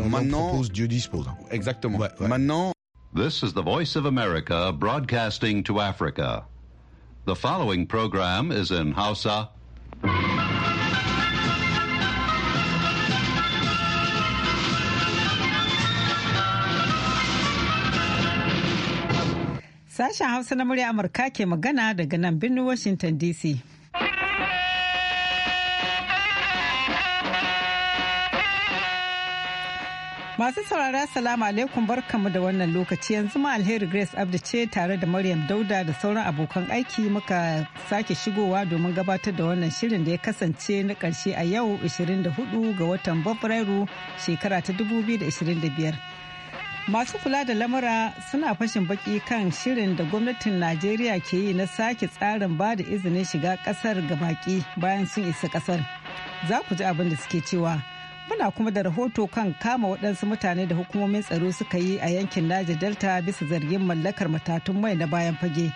Donc maintenant, propose, Dieu dispose. Exactement. Ouais, ouais. Maintenant. This is the voice of America broadcasting to Africa. The following program is in Hausa. Sashen Hausa na murya Amurka ke magana daga nan birnin Washington DC. Masu saurara salamu alaikum barkamu da wannan lokaci yanzu ma alheri Grace Abdi ce tare da Maryam Dauda da sauran abokan aiki muka sake shigowa domin gabatar da wannan shirin da ya kasance na ƙarshe a yau 24 ga watan Fabrairu shekara ta 2025. Masu kula da lamura suna fashin baki kan shirin da gwamnatin Najeriya ke yi na sake tsarin ba da izinin shiga kasar ga baki bayan sun isa kasar. Za ku ji abin da suke cewa. muna kuma da rahoto kan kama waɗansu mutane da hukumomin tsaro suka yi a yankin Niger Delta bisa zargin mallakar matatun mai na bayan fage.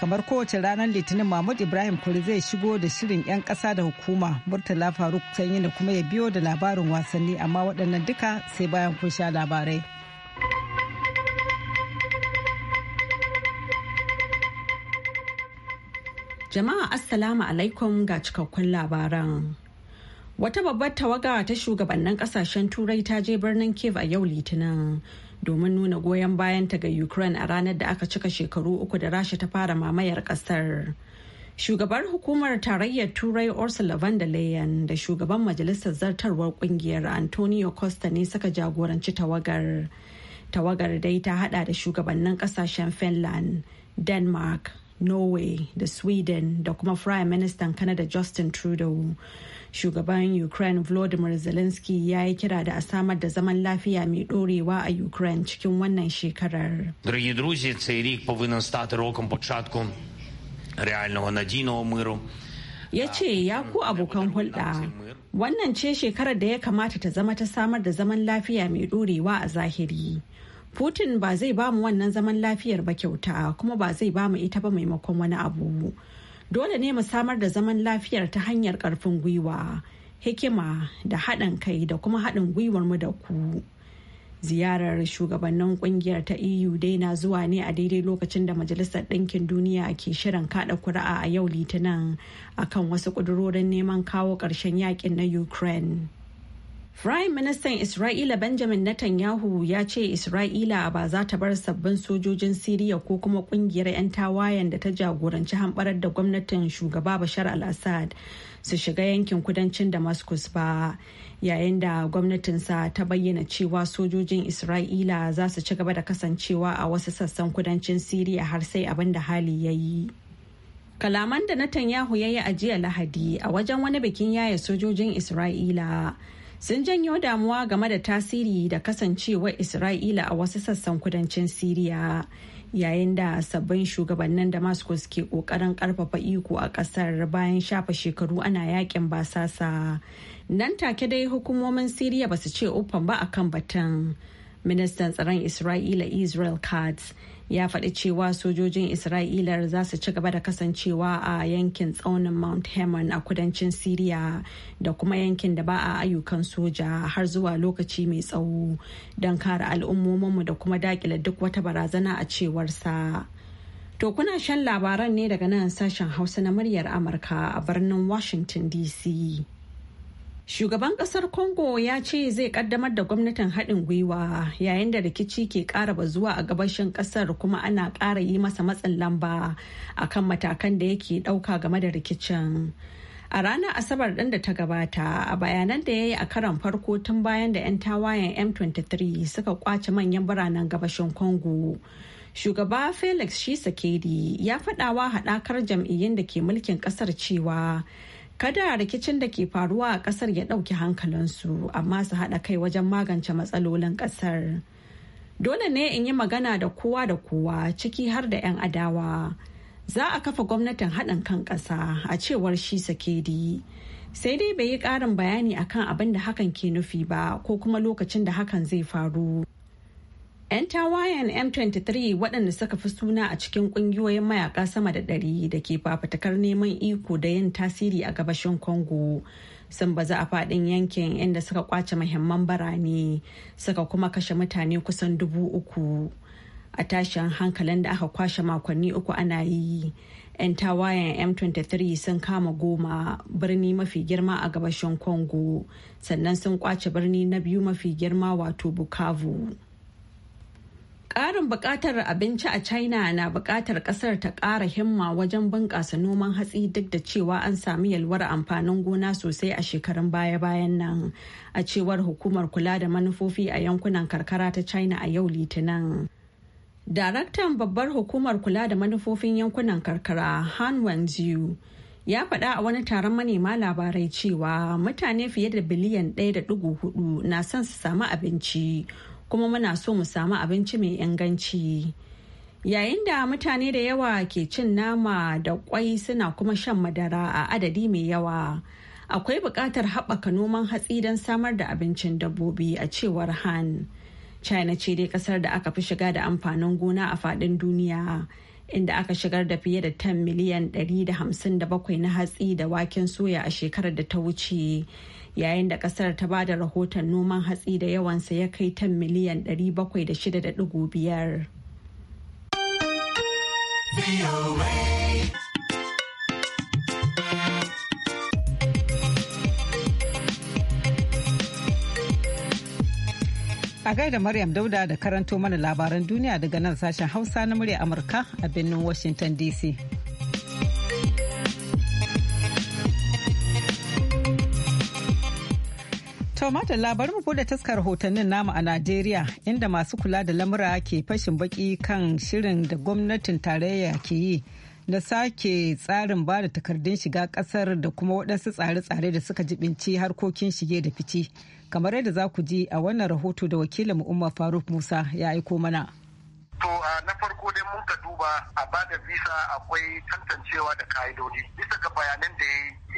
Kamar kowace ranar Litinin Mahmud Ibrahim Kuri zai shigo da shirin 'yan ƙasa da hukuma Murtala Faruk Sanyi da kuma ya biyo da labarin wasanni amma waɗannan duka sai bayan kun sha labarai. Jama'a Assalamu alaikum ga cikakkun labaran. Wata babbar tawaga ta shugabannin kasashen Turai ta je birnin Kiev a yau Litinin domin nuna goyon bayanta ga Ukraine a ranar da aka cika shekaru uku da Rasha ta fara mamayar kasar. Shugabar hukumar tarayyar Turai Ursula von der Leyen da shugaban majalisar zartarwar kungiyar Antonio Costa ne suka jagoranci tawagar. Tawagar dai ta hada da shugabannin kasashen Finland, Denmark, Norway da Sweden da kuma Prime Minister Canada Justin Trudeau. shugaban ukraine volodymyr zelensky ya yi kira da a samar da zaman lafiya mai dorewa a ukraine cikin wannan shekarar ya ce ya ku abokan hulɗa wannan ce shekarar da ya kamata ta zama ta samar da zaman lafiya mai ɗorewa a zahiri putin ba zai bamu wannan zaman lafiyar ba kyauta kuma ba zai ba mu ita ba maimakon wani abu dole ne mu samar da zaman lafiyar ta hanyar karfin gwiwa hikima da haɗin kai da kuma haɗin gwiwar mu da ku ziyarar shugabannin kungiyar ta eu dai na zuwa ne a daidai lokacin da majalisar ɗinkin duniya ke shirin kaɗa kuri'a a yau litinin akan wasu ƙudurorin neman kawo ƙarshen yakin na ukraine Prime Ministan Isra'ila Benjamin Netanyahu ya ce Isra'ila ba za ta bar sabbin sojojin Siriya ko kuma kungiyar 'yan tawayen da ta jagoranci hamɓarar da gwamnatin shugaba Bashar al-Assad su shiga yankin kudancin Damascus ba, yayin da gwamnatinsa ta bayyana cewa sojojin Isra'ila za su ci gaba da kasancewa a wasu sassan kudancin Siriya har sai abin da hali ya yi. Kalaman da Netanyahu ya yi a jiya Lahadi a wajen wani bikin yaya sojojin Isra'ila. sun janyo damuwa game da tasiri da kasancewar isra'ila a wasu sassan kudancin siriya yayin da sabbin shugabannin damascus ke kokarin karfafa iko a kasar bayan shafa shekaru ana yakin basasa nan take dai hukumomin siriya ba su ce uffan ba akan batun ministan tsaron isra'ila israel katz ya faɗi cewa sojojin isra'ila za su ci gaba da kasancewa a yankin tsaunin mount hermon a kudancin syria da kuma yankin da ba a ayyukan soja har zuwa lokaci mai tsawo don kare al'ummominmu da kuma dakile duk wata barazana a cewarsa to kuna shan labaran ne daga nan sashen hausa na muryar amurka a birnin washington dc Shugaban kasar Congo ya ce zai kaddamar da gwamnatin haɗin gwiwa yayin da rikici ke ƙara bazuwa a gabashin ƙasar kuma ana ƙara yi masa matsin lamba a kan matakan da yake ɗauka game da rikicin. A ranar Asabar ɗin da ta gabata a bayanan da ya yi a karon farko tun bayan da 'yan tawayen M23 suka kwace manyan biranen gabashin Congo. Shugaba Felix Shisekedi ya faɗawa haɗakar jam'iyyun da ke mulkin ƙasar cewa kada rikicin da ke faruwa a kasar ya ɗauki hankalinsu amma su haɗa kai wajen magance matsalolin kasar dole ne in yi magana da kowa da kowa ciki har da 'yan adawa za a kafa gwamnatin haɗin kan ƙasa a cewar shi sakedi sai dai bai yi ƙarin bayani akan abin da hakan ke nufi ba ko kuma lokacin da hakan zai faru 'Yan tawayen M23 waɗanda suka fi suna a cikin ƙungiyoyin mayaka sama da ɗari da ke fafatakar neman iko da yin tasiri a gabashin Congo sun baza a faɗin yankin inda suka kwace mahimman birane suka kuma kashe mutane kusan dubu uku. A tashin hankalin da aka kwashe makonni uku ana yi, 'yan tawayen M23 sun kama goma birni mafi girma a gabashin Congo sannan sun kwace birni na biyu mafi girma wato Bukavu. Ƙarin buƙatar abinci a China na buƙatar ƙasar ta ƙara himma wajen bunƙasa noman hatsi duk da cewa an sami yalwar amfanin gona sosai a shekarun baya-bayan nan. A cewar hukumar kula da manufofi a yankunan karkara ta China a yau Litinin. Daraktan babbar hukumar kula da manufofin yankunan karkara Han Wanzu ya faɗa a wani taron manema labarai cewa mutane fiye da biliyan 1.4 na son su samu abinci. kuma muna so mu samu abinci mai inganci yayin da mutane da yawa ke cin nama da kwai suna kuma shan madara a adadi mai yawa akwai buƙatar haɓaka noman hatsi don samar da abincin dabbobi a cewar han china ce dai ƙasar da aka fi shiga da amfanin gona a faɗin duniya inda aka shigar da fiye da tan miliyan 157 na hatsi da waken soya a shekarar da ta wuce yayin da kasar ta ba da rahoton noman hatsi da yawansa ya kai tan miliyan 706.5. A gaida Maryam Dauda da karanto mana labaran duniya daga nan sashen Hausa na murya Amurka a birnin Washington DC. To madalla bari mu bude taskar hotannin namu a Najeriya inda masu kula da lamura ke fashin baki kan shirin da gwamnatin tarayya ke yi na sake tsarin ba da takardun shiga kasar da kuma waɗansu tsare-tsare da suka jibinci harkokin shige da fice. Kamar yadda za ku ji a wannan rahoto da wakilin Umar Faruk Musa ya aiko mana. To na farko dai mun ka duba a bada visa akwai tantancewa da ka'idodi. Bisa ga bayanan da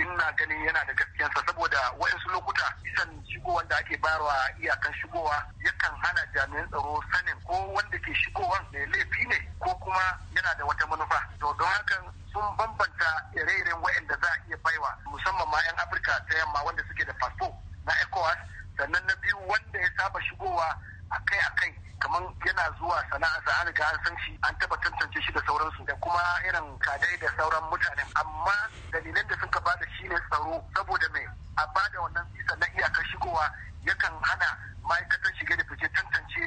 ina ganin yana da gaskiyansa saboda waɗansu lokuta isan shigowar da ake bayarwa iyakan shigowa yakan hana jami'an tsaro sanin ko wanda ke shigowan mai laifi ne ko kuma yana da wata manufa. To don hakan sun bambanta ire-iren waɗanda za a iya baiwa musamman ma 'yan Afirka ta yamma wanda suke da fasfo na ECOWAS sannan na biyu wanda ya saba shigowa akai akai kamar yana zuwa sana'arsa an riga an san shi an taba tantance shi da sauransu da kuma irin kadai da sauran mutane. amma dalilan da suka bada ne tsaro saboda mai a bada wannan bisa na iyakar shigowa yakan hana ma'aikatan shige da fice tantance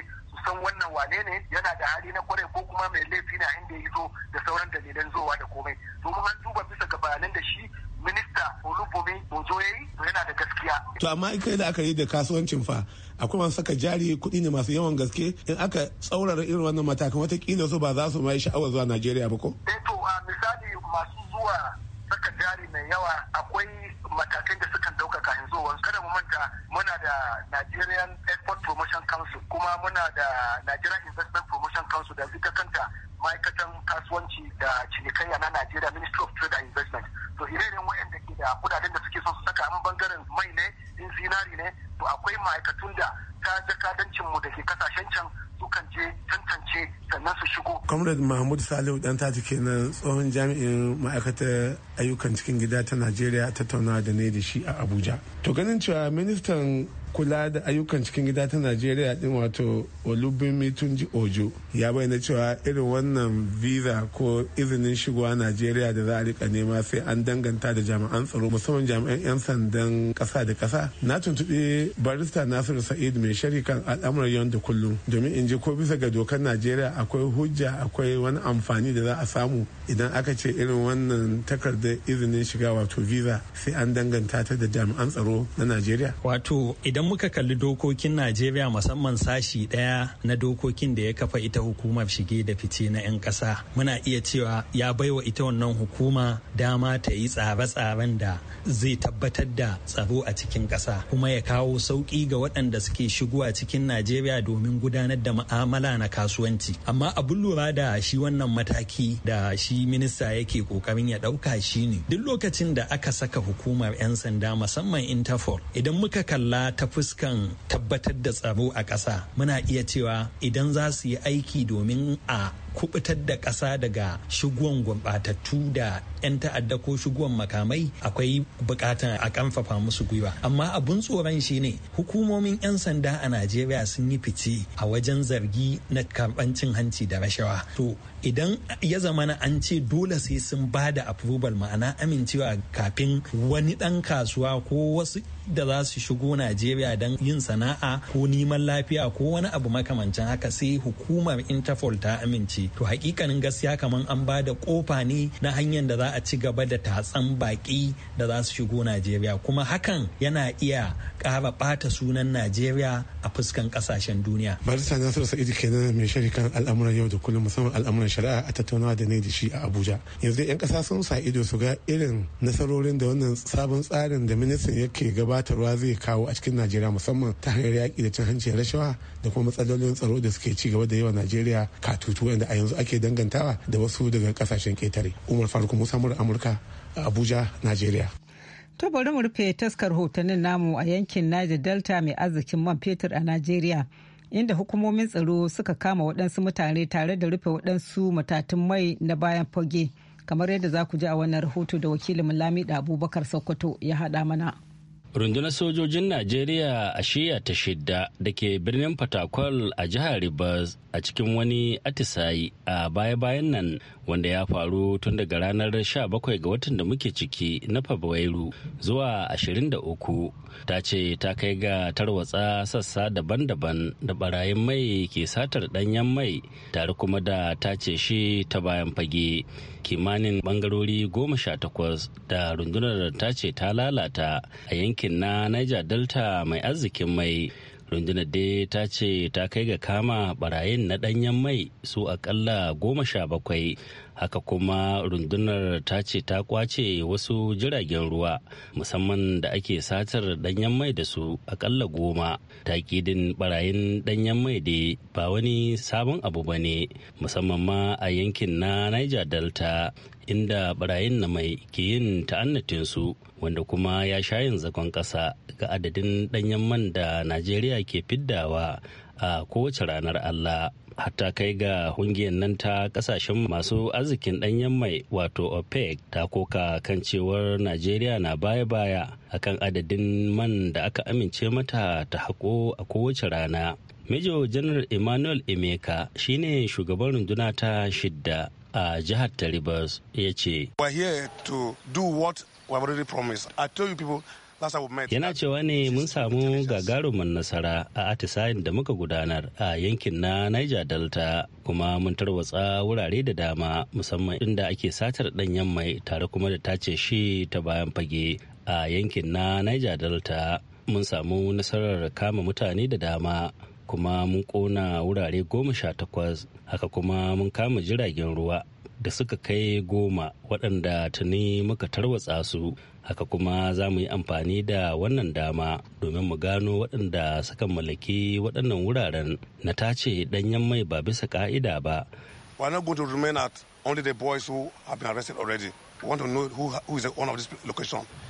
san wannan wane ne yana da hali na kwarai ko kuma mai laifi na inda ya zo da sauran dalilan zowa da komai domin an duba bisa ga bayanan da shi minista olubumi ozo ya yi to yana da gaskiya. to amma kai da aka yi da kasuwancin fa akwai masu saka jari kuɗi ne masu yawan gaske in aka tsaurara irin wannan matakan watakila su ba za su mai sha'awar zuwa najeriya ba ko. eh to misali masu zuwa saka jari mai yawa akwai matakan da suka dauka kafin zuwa kada mu manta muna da Nigerian Export Promotion Council kuma muna da Nigerian Investment Promotion Council da ita kanta ma'aikatan kasuwanci da cinikayya na Najeriya Ministry of Trade and Investment to irin waɗanda ke da kudaden da suke son su saka an bangaren mai ne in zinari ne to akwai ma'aikatun da ta jakadancin mu da ke kasashen can sukan je tantance sannan su shigo. Comrade Mahmud Salihu dan tati kenan tsohon jami'in ma'aikatar ayyukan cikin gida ta Najeriya tattaunawa da ne da shi a Abuja. To ganin cewa ministan kula da ayyukan cikin gida ta najeriya din wato olubinmi tunji ojo ya bayyana cewa irin wannan visa ko izinin shigowa najeriya da za a rika nema sai an danganta da jami'an tsaro musamman jami'an 'yan sandan kasa da kasa na tuntuɓi barista nasiru sa'id mai shari kan al'amuran yau da kullum domin in ji ko bisa ga dokar najeriya akwai hujja akwai wani amfani da za a samu idan aka ce irin wannan takardar izinin shiga wato visa sai an danganta ta da jami'an tsaro na najeriya wato idan muka kalli dokokin najeriya musamman sashi ɗaya na dokokin da ya kafa ita hukumar shige da fice na 'yan ƙasa muna iya cewa ya baiwa ita wannan hukuma dama ta yi tsare-tsaren da zai tabbatar da tsaro a cikin ƙasa kuma ya kawo sauƙi ga waɗanda suke shigo a cikin najeriya domin gudanar da ma'amala na kasuwanci amma abin lura da shi wannan mataki da shi minista yake ƙoƙarin ya ɗauka shine duk lokacin da aka saka hukumar 'yan sanda musamman interpol idan muka kalla ta fuskan tabbatar da tsaro a ƙasa muna iya cewa idan za su yi aiki domin a kubutar da ƙasa daga shigon gurɓatattu da 'yan ta'adda ko shigon makamai akwai buƙatar a kamfafa musu gwiwa amma abun tsoron shi ne hukumomin 'yan sanda a najeriya sun yi fice a wajen zargi na karɓan cin hanci da rashawa to idan ya zamana an ce dole sai sun ba da approval ma'ana amincewa kafin wani ɗan kasuwa ko wasu da za su shigo Najeriya don yin sana'a ko neman lafiya ko wani abu makamancin haka sai hukumar Interpol ta amince. To hakikanin gaskiya kamar an ba da kofa ne na hanyar da za a ci gaba da tatsan baki da za su shigo Najeriya kuma hakan yana iya ƙara bata sunan Najeriya a fuskan ƙasashen duniya. Barista Nasiru Sa'idu kenan mai sharikan al'amuran yau da kullum musamman al'amuran shari'a a tattaunawa da ne da shi a Abuja. Yanzu 'yan ƙasa sun sa ido su ga irin nasarorin da wannan sabon tsarin da ministan yake gaba gurɓata ruwa zai kawo a cikin najeriya musamman ta hanyar yaƙi da cin hanci rashawa da kuma matsalolin tsaro da suke ci gaba da yawa najeriya katutu wanda a yanzu ake dangantawa da wasu daga kasashen ketare umar faruk musa amurka abuja najeriya To bari mu rufe taskar hotonin namu a yankin Niger Delta mai arzikin man fetur a Najeriya, inda hukumomin tsaro suka kama waɗansu mutane tare da rufe waɗansu matatun mai na bayan fage, kamar yadda za ku ji a wannan rahoto da wakilin Lamida Abubakar Sokoto ya haɗa mana. rundunar sojojin najeriya a shiya ta shidda da ke birnin fatakwal a jihar ribas a cikin wani atisayi a baya-bayan nan wanda ya faru tun daga ranar 17 ga watan da muke ciki na fabrairu zuwa 23 ta ce ta kai ga tarwatsa sassa daban-daban da barayin mai ke satar danyen mai tare kuma da ta ce shi ta bayan fage kimanin bangarori goma sha takwas da rundunar ta ce ta lalata a yankin na niger delta mai arzikin mai rundunar dai ta ce ta kai ga kama barayin na danyen mai su akalla goma sha bakwai haka kuma rundunar ta ce ta kwace wasu jiragen ruwa musamman da ake satar danyen mai da su akalla goma Taƙidin barayin danyen mai da ba wani sabon abu ba ne musamman ma a yankin na niger delta inda barayin na mai ke yin ta'annatin su wanda kuma ya sha yin zagon ƙasa ga adadin danyen man da najeriya ke fiddawa a kowace ranar Allah. hatta kai ga hungiyar nan ta kasashen masu arzikin ɗanyen mai wato opec ta koka kan cewar najeriya na baya-baya akan adadin man da aka amince mata ta haƙo a kowace rana major general emmanuel emeka shine shugaban runduna ta shidda a jihar ta rivers ya ce Yana cewa ne mun samu gagarumin nasara a atisayen da muka gudanar a yankin na Niger Delta kuma mun tarwatsa wurare da dama musamman inda ake satar ɗanyen mai tare kuma da tace shi ta bayan fage a yankin na Niger Delta. Mun samu nasarar kama mutane da dama kuma mun kona wurare goma sha takwas haka kuma mun kama jiragen ruwa da suka kai goma waɗanda tuni muka tarwatsa su haka kuma za mu yi amfani da wannan dama domin mu gano waɗanda suka mallaki waɗannan wuraren na tace ɗanyen mai ba bisa ka'ida ba.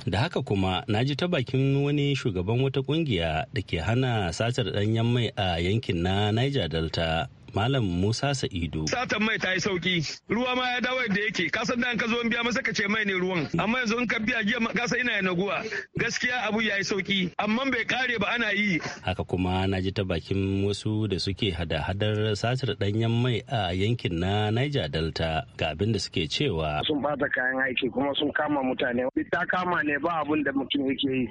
Da haka kuma na ji ta bakin wani shugaban wata kungiya da ke hana satar danyen mai a yankin na Niger Delta Malam Musa Sa'idu. Satan mai ta yi sauki. Ruwa ma ya dawo da yake. Ka san da ka zo biya masa ka ce mai ne ruwan. Amma yanzu in ka biya giya ka san ina naguwa. Gaskiya abu ya yi sauki. Amma bai kare ba ana yi. Haka kuma na ji ta bakin wasu da suke hada-hadar satar danyen mai a yankin na Niger Delta ga abin da suke cewa. Sun bata kayan aiki kuma sun kama mutane. Ta kama ne ba abin da mutum yake yi.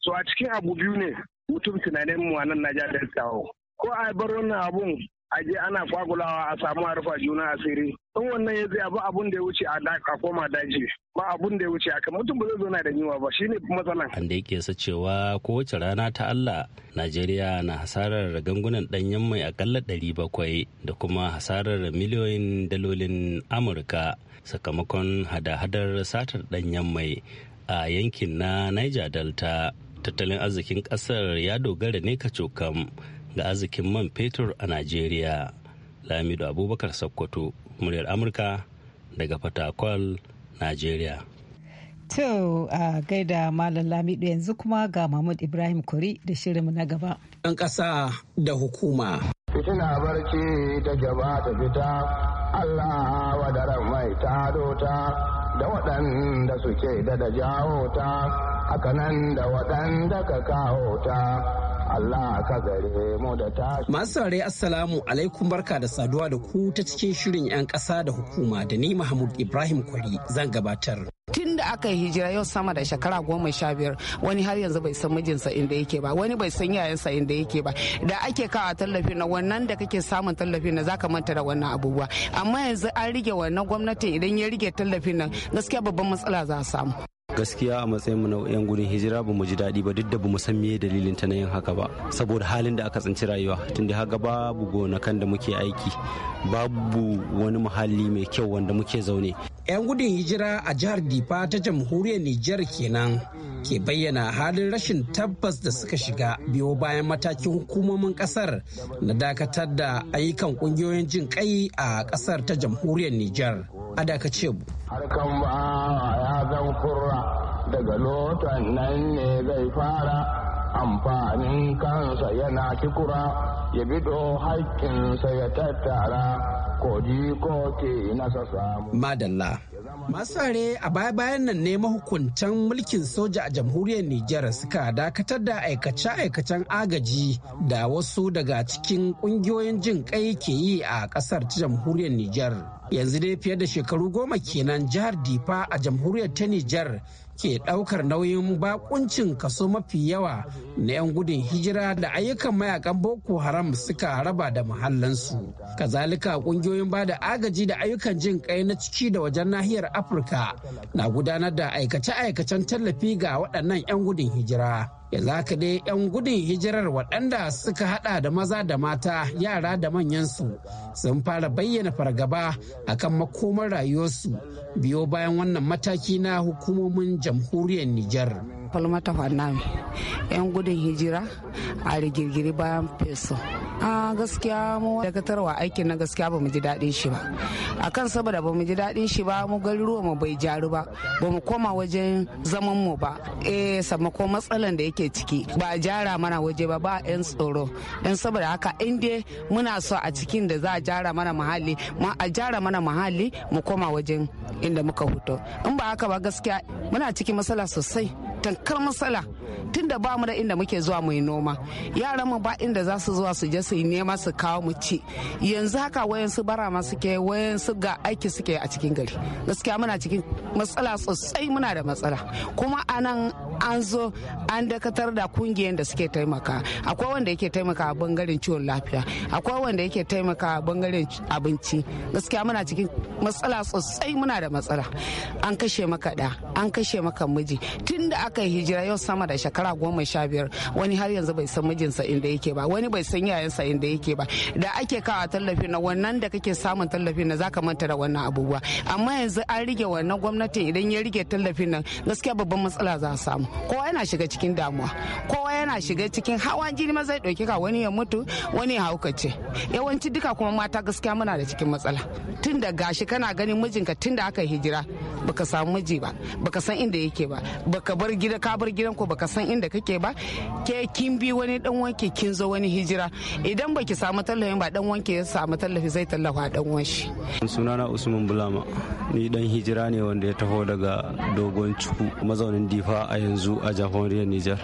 So a cikin abu biyu ne mutum tunanin mu a nan Niger Delta. Ko a bar wannan abun a aje ana kwagulawa a samu a rufa juna asiri in wannan ya zai abu abun da ya wuce a koma daji ba abun da ya wuce aka mutum ba zai zauna da yiwa ba shine matsalan an da yake sa cewa kowace rana ta Allah Najeriya na hasarar gangunan danyen mai akalla ɗari bakwai da kuma hasarar miliyoyin dalolin Amurka sakamakon hada-hadar satar danyen mai a yankin na Niger Delta tattalin arzikin ƙasar ya dogara ne ka cokam. da arzikin man fetur a najeriya lamido abubakar sokoto muryar amurka daga fatakwal najeriya To a gaida Malam Lamido yanzu kuma ga Mahmud Ibrahim Kori da shirin na gaba. Ɗan ƙasa da hukuma. Fitina barci da gaba ta fita, Allah wadaran mai ta ta da waɗanda suke da da jawo ta, nan da waɗanda ka kawo ta. Allah ka gare mu da ta. Masu saurari Assalamu alaikum barka da saduwa da ku ta cikin shirin 'yan kasa da hukuma da ni Mahmud Ibrahim Kwari zan gabatar. tun da aka yi hijira yau sama da shekara goma sha biyar wani har yanzu bai san mijinsa inda yake ba wani bai san yayansa inda yake ba da ake kawo tallafi na wannan da kake samun tallafi na zaka manta da wannan abubuwa amma yanzu an rige wannan gwamnatin idan ya rige tallafin nan gaskiya babban matsala za a samu gaskiya a matsayin mu na yan gudun hijira ba mu ji daɗi ba duk da ba mu san meye dalilin ta na yin haka ba saboda halin da aka tsinci rayuwa tun tunda haka babu gonakan da muke aiki babu wani muhalli mai kyau wanda muke zaune yan gudun hijira a jihar difa ta jamhuriyar nijar kenan ke bayyana halin rashin tabbas da suka shiga biyo bayan matakin hukumomin kasar na dakatar da ayyukan kungiyoyin jin kai a kasar ta jamhuriyar nijar a dakace har kan ba ya zan kurra daga lotan nan ne zai fara amfanin kansa yana kikura ya bido haƙƙinsa ya tattara ko Madalla. Masare a baya-bayan nan ne mahukuntan mulkin soja a jamhuriyar Nijar suka dakatar da aikace-aikacen agaji da wasu daga cikin kungiyoyin jin kai ke yi a kasar ta jamhuriyar Nijar. yanzu dai fiye da shekaru goma kenan jihar difa a jamhuriyar ta nijar ke daukar nauyin bakuncin kaso mafi yawa na 'yan gudun hijira da ayyukan mayakan boko haram suka raba da muhallansu kazalika kungiyoyin ba da agaji da ayyukan jin kai na ciki da wajen nahiyar afirka na gudanar da aikace-aikacen tallafi ga waɗannan 'yan gudun hijira yanzu haka dai 'yan gudun hijirar waɗanda suka hada da maza da mata yara da manyansu sun fara bayyana fargaba akan makomar rayuwarsu biyo bayan wannan mataki na hukumomin jamhuriyar nijar falmata 'yan gudun hijira a rigirgiri bayan feso a gaskiya mu daga aikin na gaskiya ba mu ji daɗin shi ba A kan saboda ba mu ji daɗin shi ba mu garuruwa mu bai jaru ba ba mu koma wajen zaman mu ba eh sammako matsalan da yake ciki ba a jara mana waje ba ba yan tsoro dan saboda haka in dai muna so a cikin da za a jara mana muhalli ma a jara mana muhalli mu koma wajen inda muka huto in ba haka ba gaskiya muna cikin matsala sosai tankar matsala tunda ba mu da inda muke zuwa mu yi noma yaran mu ba inda za su zuwa su je su yi nema su kawo mu ci yanzu haka wayan su bara ma suke wayan su ga aiki suke a cikin gari gaskiya muna cikin matsala sosai muna da matsala kuma anan an zo an dakatar da kungiyar da suke taimaka akwai wanda yake taimaka a bangaren ciwon lafiya akwai wanda yake taimaka a bangaren abinci gaskiya muna cikin matsala sosai muna da matsala an kashe maka da an kashe maka miji tunda aka yi hijira yau sama da shekara goma sha biyar wani har yanzu bai san mijinsa inda yake ba wani bai san yayansa inda yake ba da ake kawo tallafi na wannan da kake samun tallafi na zaka manta da wannan abubuwa amma yanzu an rige wannan gwamnatin idan ya rige tallafi nan gaskiya babban matsala za a samu kowa yana shiga cikin damuwa kowa yana shiga cikin hawan jini ma zai dauke ka wani ya mutu wani ya haukace yawanci duka kuma mata gaskiya muna da cikin matsala tun da gashi kana ganin mijinka tun da aka hijira baka samu miji ba baka san inda yake ba baka bar gida ka bar gidan ku baka san inda kake ba ke kin bi wani dan wanke kin zo wani hijira idan baki samu tallafi ba dan wanke ya samu tallafi zai tallafa dan wanshi. sunana Usman Bulama ni dan hijira ne wanda ya taho daga dogon cuku mazaunin Difa a yanzu a Jamhuriyar Nijar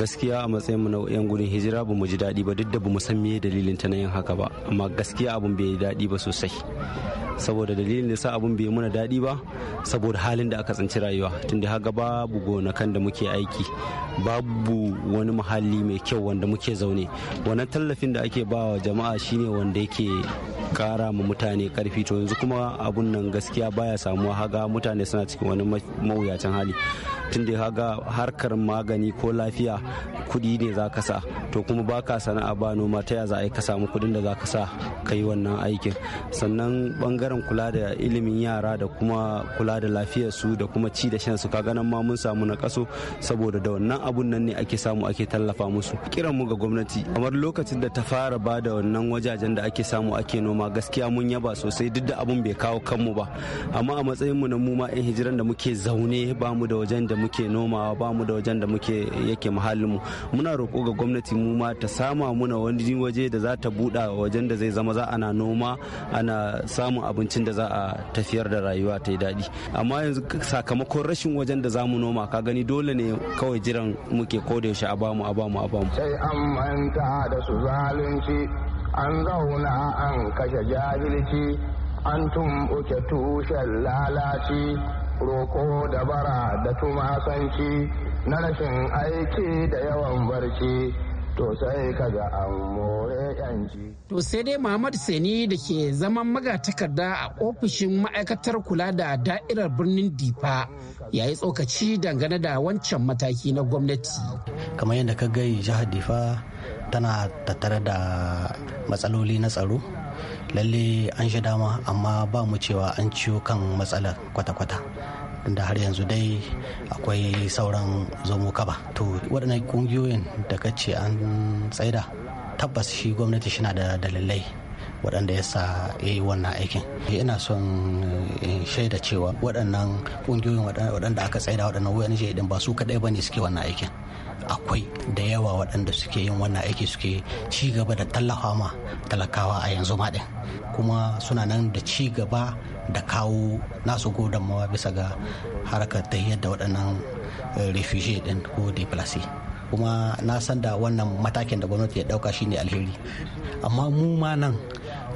gaskiya a matsayin mu na yan gudun hijira ba mu ji daɗi ba duk da ba san me dalilin ta na yin haka ba amma gaskiya abun bai daɗi ba sosai saboda dalilin da sa abun bai muna daɗi ba saboda halin da aka tsinci rayuwa tunda haga babu gonakan da muke aiki babu wani muhalli mai kyau wanda muke zaune wannan tallafin da ake ba wa jama'a shine wanda yake kara ma mutane karfi to yanzu kuma abun nan gaskiya baya samuwa haga mutane suna cikin wani mawuyacin hali tun da haga harkar magani ko lafiya kuɗi ne za ka sa to kuma ba ka sana'a ba noma ta ya za a ka samu kuɗin da za ka sa ka yi wannan aikin sannan bangaren kula da ilimin yara da kuma kula da su da kuma ci da shansu ka ganin ma mun samu na kaso saboda da wannan abun nan ne ake samu ake tallafa musu kiran mu ga gwamnati kamar lokacin da ta fara ba da wannan wajajen da ake samu ake noma gaskiya mun yaba sosai duk da abun bai kawo kanmu ba amma a matsayin mu na mu ma 'yan hijiran da muke zaune ba mu da wajen da muke nomawa ba mu da wajen da muke yake mu muna roƙo ga gwamnati mu ma ta sama muna wani waje da za ta buɗa wajen da zai zama za ana noma ana samun abincin da za a tafiyar da rayuwa ta yi daɗi amma yanzu sakamakon rashin wajen da za mu noma ka gani dole ne kawai jiran muke ko da yaushe a bamu a bamu a bamu sai an manta da su zalunci an zauna an kashe jahilci an tumɓuke tushen lalaci roko da bara da tumasanci na rashin aiki da yawan barci to sai kaga an more yanci. To sai dai Muhammad Sani da ke zaman magatakarda a ofishin ma'aikatar kula da da'irar birnin Difa ya yi tsokaci dangane da wancan mataki na gwamnati. Kamar yadda ka gai jihar Difa tana tattare da matsaloli na tsaro lalle an shi dama amma ba mu cewa an ciwo kan matsalar kwata-kwata da har yanzu dai akwai sauran zomo kaba to waɗannan ƙungiyoyin da ka ce an tsaida tabbas shi gwamnati shi na da dalilai waɗanda ya sa ya yi wannan aikin ina son shaida cewa waɗannan ƙungiyoyin waɗanda aka tsaida waɗannan wayan shaidin ba su kaɗai ba ne suke wannan aikin akwai da yawa waɗanda suke yin wannan aiki suke ci gaba da tallafa ma talakawa a yanzu ma ɗin kuma suna nan da ci gaba da kawo nasu mawa bisa ga harkar ta da waɗannan eh, refugee ɗin ko deplace kuma na san da wannan matakin da gwamnati ya ɗauka shine alheri amma mu ma nan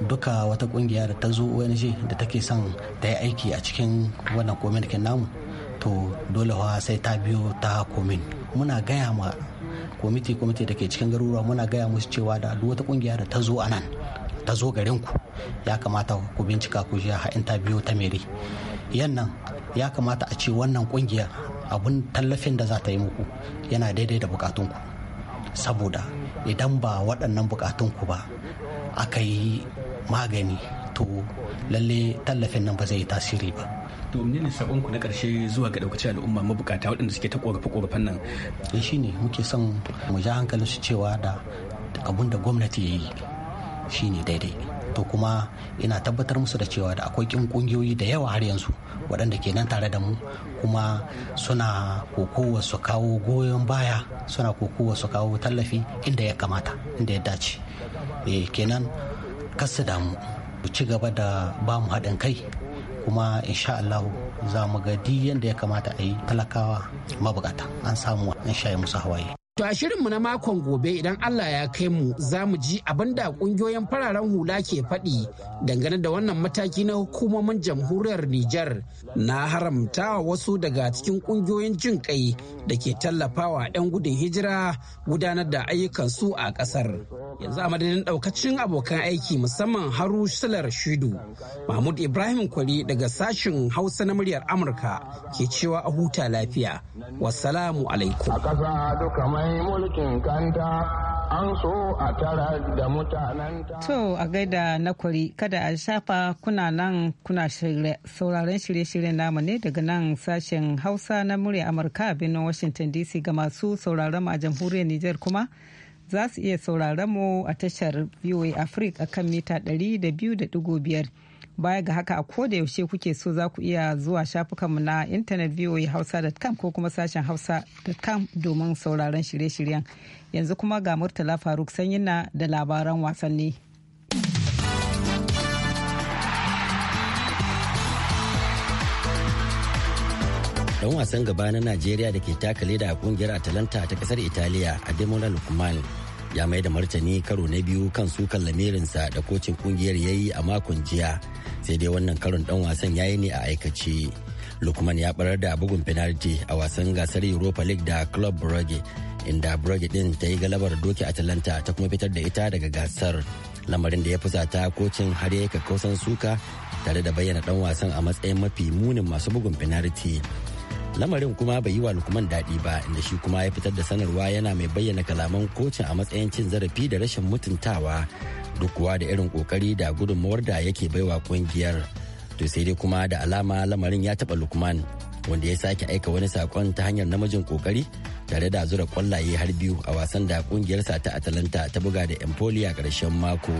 duka wata ƙungiya da ta zo ong da take son ta yi aiki a cikin wannan komin namu to dole sai ta biyo ta komin muna gaya ma kwamiti kwamiti da ke cikin garuruwa muna gaya musu cewa da duk wata kungiya da ta zo a nan ta zo garin ku ya kamata ku bincika ku ji ha biyo ta mere yannan ya kamata a ce wannan kungiya abun tallafin da za ta yi muku yana daidai da bukatun ku. saboda idan ba waɗannan bukatun ku ba aka yi magani to lalle tallafin nan ba zai yi tasiri ba to menene sabon ku na karshe zuwa ga daukacin al'umma mabukata waɗanda suke ta korafe korafen nan eh shine muke son mu ja hankalin su cewa da abun da gwamnati ya yi shine daidai to kuma ina tabbatar musu da cewa da akwai kin kungiyoyi da yawa har yanzu waɗanda ke nan tare da mu kuma suna kokowa su kawo goyon baya suna kokowa su kawo tallafi inda ya kamata inda ya dace eh, kenan kasu damu ci gaba da ba mu haɗin kai kuma insha Allah za mu ga yadda ya kamata a yi talakawa mabukata an samu an shaye musu hawaye To a shirinmu na makon gobe idan Allah ya kai mu za mu ji abin da kungiyoyin fararen hula ke faɗi dangane da wannan mataki na hukumomin jamhuriyar Nijar na haramta wasu daga cikin kungiyoyin jin kai da ke tallafawa 'yan gudun hijira gudanar da ayyukansu a ƙasar. Yanzu a madadin ɗaukacin abokan aiki musamman Haru Silar Shidu, Mahmud Ibrahim Kwari daga sashen Hausa na muryar Amurka ke cewa a huta lafiya. Wassalamu alaikum. mai mulkin kanta an so a tara da mutanen ta. To a gaida na kwari kada a shafa kuna nan kuna sauraron shirye-shiryen namu ne daga nan sashen Hausa na murya Amurka a birnin Washington DC ga masu sauraron a jamhuriyar Nijar kuma. Za su iya sauraron mu a tashar VOA Africa kan mita 200.5. baya ga haka a koda yaushe kuke so za ku iya zuwa shafukanmu na intanet voahausa.com ko kuma sashen hausa.com domin sauraron shirye-shiryen yanzu kuma ga murtala faruk na da labaran wasanni dan wasan gaba na najeriya da ke takale da kungiyar atalanta ta kasar italiya a demola lukman ya mai da martani karo na biyu kan sukan lamirinsa da kocin kungiyar ya yi a makon jiya sai dai wannan karon dan wasan ya yi ne a aikace lukman ya barar da bugun penalty a wasan gasar europa league da club brugge inda brugge din ta yi galabar doki atalanta ta kuma fitar da ita daga gasar lamarin da ya fusata kocin har ya kakkausan suka tare da bayyana dan wasan a matsayin mafi munin masu bugun penalty lamarin kuma bai yi wa lukman daɗi ba inda shi kuma ya fitar da sanarwa yana mai bayyana kalaman kocin a matsayin cin zarafi da rashin mutuntawa duk kuwa da irin kokari da gudunmawar da yake baiwa kungiyar to sai dai kuma da alama lamarin ya taba lukman wanda ya sake aika wani sakon ta hanyar namijin kokari tare da zura kwallaye har biyu a wasan da kungiyarsa ta atalanta ta buga da empoli a karshen mako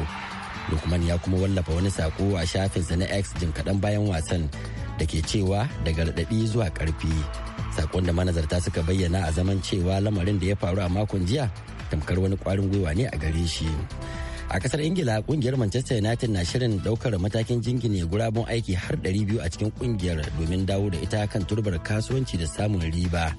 lukman ya kuma wallafa wani sako a shafinsa na x jim kaɗan bayan wasan da ke cewa daga raɗaɗi zuwa ƙarfi sakon da manazarta suka bayyana a zaman cewa lamarin da ya faru a makon jiya tamkar wani ƙwarin gwiwa ne a gare shi a kasar ingila kungiyar manchester united na shirin ɗaukar matakin jingine gurabun aiki har 200 a cikin kungiyar domin dawo da ita kan turbar kasuwanci da samun riba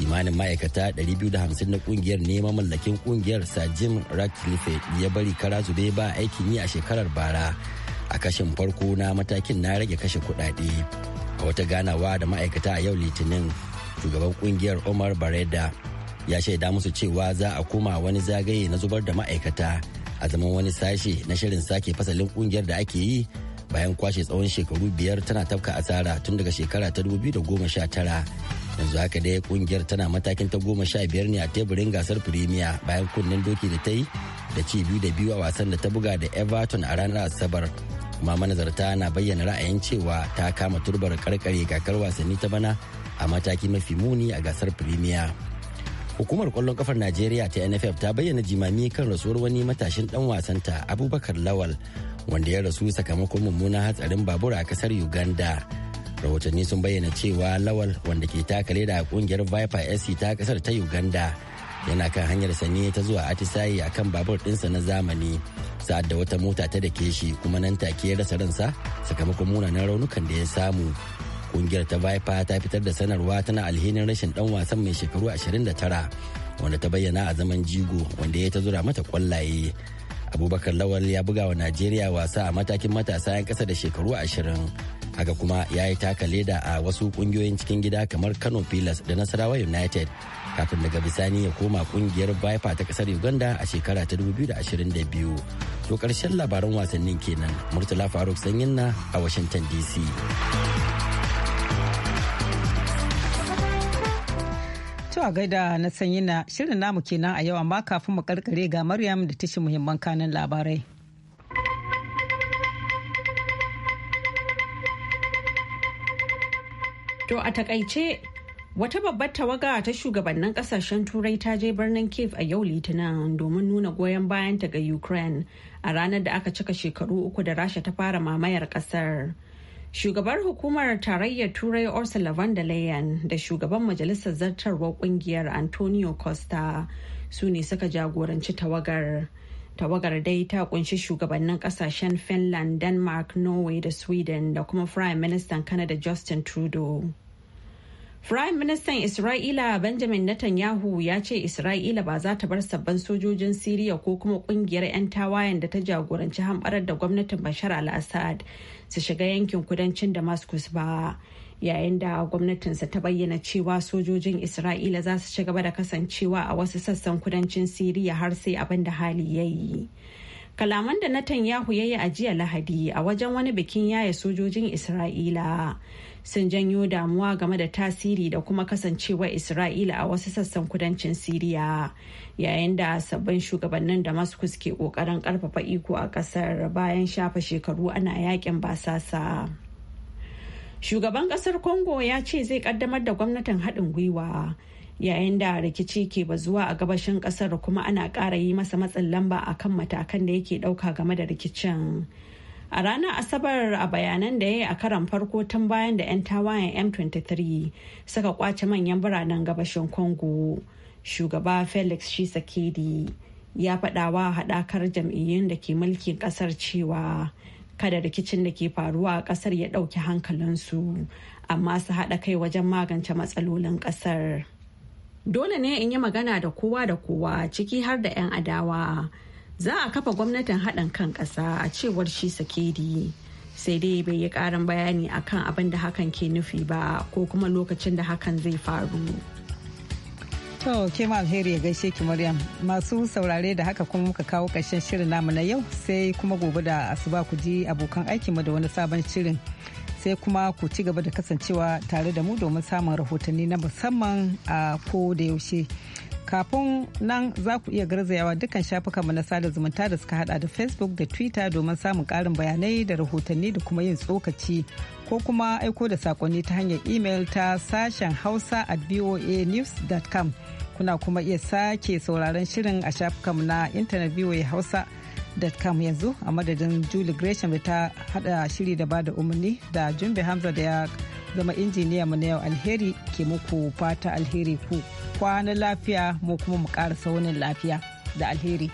kimanin ma'aikata 250 na kungiyar neman mallakin kungiyar sajim ratcliffe ya bari kara zube ba aikin yi a shekarar bara a kashin farko na matakin na rage kashe kudade a wata ganawa da ma'aikata a yau litinin shugaban kungiyar omar bareda ya shaida musu cewa za a koma wani zagaye na zubar da ma'aikata a zaman wani sashe na shirin sake fasalin kungiyar da ake yi bayan kwashe tsawon shekaru biyar tana tafka asara tun daga shekara ta 2019 yanzu haka dai kungiyar tana matakin ta goma sha biyar ne a teburin gasar firimiya bayan kunnen doki da ta yi da ci biyu da biyu a wasan da ta buga da everton a ranar asabar kuma manazarta na bayyana ra'ayin cewa ta kama turbar karkare kakar wasanni ta bana a mataki mafi muni a gasar firimiya hukumar kwallon kafar najeriya ta nff ta bayyana jimami kan rasuwar wani matashin dan wasanta abubakar lawal wanda ya rasu sakamakon mummunan hatsarin babura a kasar uganda rahotanni sun bayyana cewa lawal wanda ke takale a kungiyar viper sc ta kasar ta uganda yana kan hanyar sani ta zuwa atisaye a kan babur ɗinsa na zamani sa'ad da wata mota ta dake shi kuma nan take ya rasa ransa sakamakon munanan raunukan da ya samu kungiyar ta viper ta fitar da sanarwa tana alhinin rashin dan wasan mai shekaru 29 wanda ta bayyana a zaman jigo wanda ya ta zura mata kwallaye abubakar lawal ya buga wa najeriya wasa a matakin matasa 'yan kasa da shekaru ashirin. haka kuma ya yi taka leda a wasu kungiyoyin cikin gida kamar kano pilas da nasarawa united kafin daga bisani ya koma kungiyar viper ta kasar uganda a shekara ta 2022 to karshen labaran wasannin kenan murtala faruk sanyin na a washington dc To a gaida na sanyi na shirin namu kenan a yawa ma kafin mu karkare ga Maryam da tashi muhimman kanin labarai. To a takaice Wata babbar tawaga ta shugabannin kasashen turai ta je birnin Kiev a yau litinin domin nuna goyon bayanta ga Ukraine a ranar da aka cika shekaru uku da Rasha ta fara mamayar kasar. Shugabar hukumar tarayyar turai Ursula von der Leyen da shugaban majalisar zartarwar kungiyar Antonio Costa su ne suka jagoranci tawagar. tawagar dai ta kunshi shugabannin kasashen finland denmark norway da sweden da kuma prime minister canada justin trudeau prime minister Isra'ila Benjamin Netanyahu ya ce Isra'ila ba za ta bar sabbin sojojin Siriya ko kuma kungiyar 'yan tawayen da ta jagoranci hamɓarar da gwamnatin Bashar al-Assad su shiga yankin kudancin Damascus ba. yayin da gwamnatinsa ta bayyana cewa sojojin isra'ila za su ci gaba da kasancewa a wasu sassan kudancin siriya har sai abin da hali ya yi kalaman da Netanyahu ya yi a jiya Lahadi a wajen wani bikin yaya sojojin Isra'ila sun janyo damuwa game da tasiri da kuma kasancewar Isra'ila a wasu sassan kudancin Siriya yayin da sabbin shugabannin Damascus ke kokarin karfafa iko a kasar bayan shafa shekaru ana yakin basasa. shugaban kasar congo ya ce zai kaddamar da gwamnatin haɗin gwiwa yayin da rikici ke bazuwa a gabashin kasar kuma ana ƙara yi masa matsin lamba a kan matakan da yake ɗauka game da rikicin a ranar asabar a bayanan da ya yi a karan farko tun bayan da 'yan tawayen m23 suka kwace manyan biranen gabashin congo shugaba felix shisekedi ya faɗawa haɗakar jam'iyyun da ke mulkin ƙasar cewa kada rikicin da ke faruwa a kasar ya ɗauki hankalinsu amma su haɗa kai wajen magance matsalolin kasar dole ne in yi magana da kowa da kowa ciki har da 'yan adawa za a kafa gwamnatin haɗin kan ƙasa a cewar shi sakedi sai dai bai yi ƙarin bayani akan abin da hakan ke nufi ba ko kuma lokacin da hakan zai faru. To ke ma alheri ya gaishe ki Maryam. Masu saurare da haka kuma muka kawo ƙarshen shirin namu na yau sai kuma gobe da asuba ku ji abokan aikinmu da wani sabon shirin. Sai kuma ku ci gaba da kasancewa tare da mu domin samun rahotanni na musamman a ko da yaushe. kafin nan za ku iya garzayawa dukkan shafukanmu na sada zumunta da suka hada da facebook da twitter domin samun karin bayanai da rahotanni da kuma yin tsokaci ko kuma aiko da sakonni ta hanyar email ta sashen hausa at voanews.com kuna kuma iya sake sauraron shirin a shafukanmu na intanet voa hausa com yanzu a madadin julie gresham da ta hada shiri da bada umarni da jumbe hamza da ya zama injiniya mu na yau alheri ke muku fata alheri ku kwanan lafiya mu kuma mu ƙara saunin lafiya da alheri.